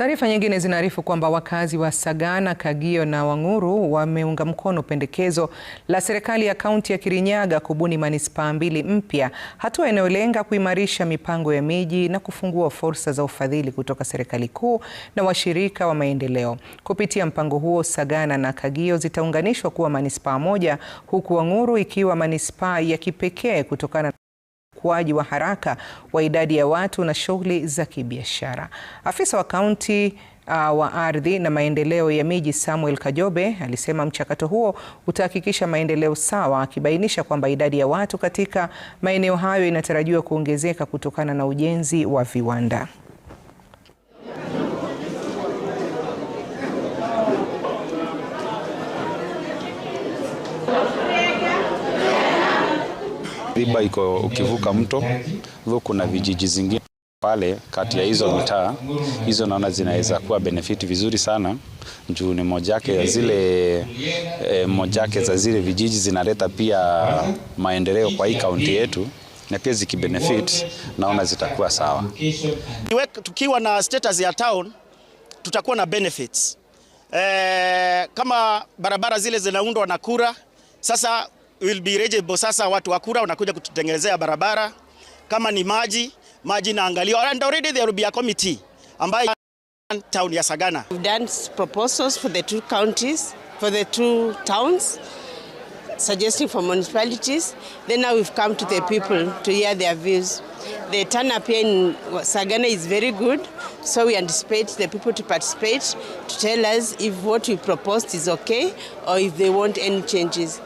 Taarifa nyingine zinaarifu kwamba wakazi wa Sagana, Kagio na Wang'uru wameunga mkono pendekezo la serikali ya kaunti ya Kirinyaga kubuni manispaa mbili mpya, hatua inayolenga kuimarisha mipango ya miji na kufungua fursa za ufadhili kutoka serikali kuu na washirika wa maendeleo. Kupitia mpango huo, Sagana na Kagio zitaunganishwa kuwa manispaa moja, huku Wang'uru ikiwa manispaa ya kipekee kutokana ukuaji wa haraka wa idadi ya watu na shughuli za kibiashara. Afisa wa kaunti uh, wa ardhi na maendeleo ya miji Samuel Kajobe alisema mchakato huo utahakikisha maendeleo sawa, akibainisha kwamba idadi ya watu katika maeneo hayo inatarajiwa kuongezeka kutokana na ujenzi wa viwanda. Riba iko ukivuka mto huko, kuna vijiji zingine pale kati ya hizo mitaa hizo, naona zinaweza kuwa benefit vizuri sana juu ni mojake ya zile e, eh, mojake za zile vijiji zinaleta pia maendeleo kwa hii kaunti yetu na pia zikibenefit naona zitakuwa sawa. Tukiwa na status ya town tutakuwa na benefits e, kama barabara zile zinaundwa na kura sasa will be eligible. Sasa watu wa kura wanakuja kututengenezea barabara, kama ni maji maji naangaliwa, and already there will be a committee ambayo town ya Sagana. We've done proposals for the two counties, for the two towns suggesting for municipalities. Then now we've come to the people to hear their views. The turn up in Sagana is very good, so we anticipate the people to participate to tell us if what we proposed is okay or if they want any changes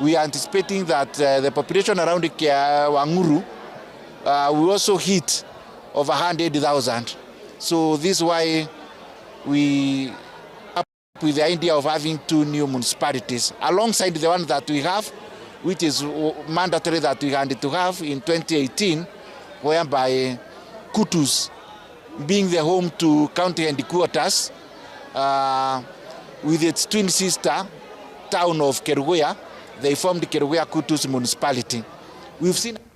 we are anticipating that uh, the population around Kia Wanguru uh, will also hit over 100,000. So this is why we up with the idea of having two new municipalities alongside the one that we have, which is mandatory that we had to have in 2018, whereby Kutus being the home to county headquarters uh, with its twin sister town of Kerugoya They formed Keruwea Kutus municipality. We've seen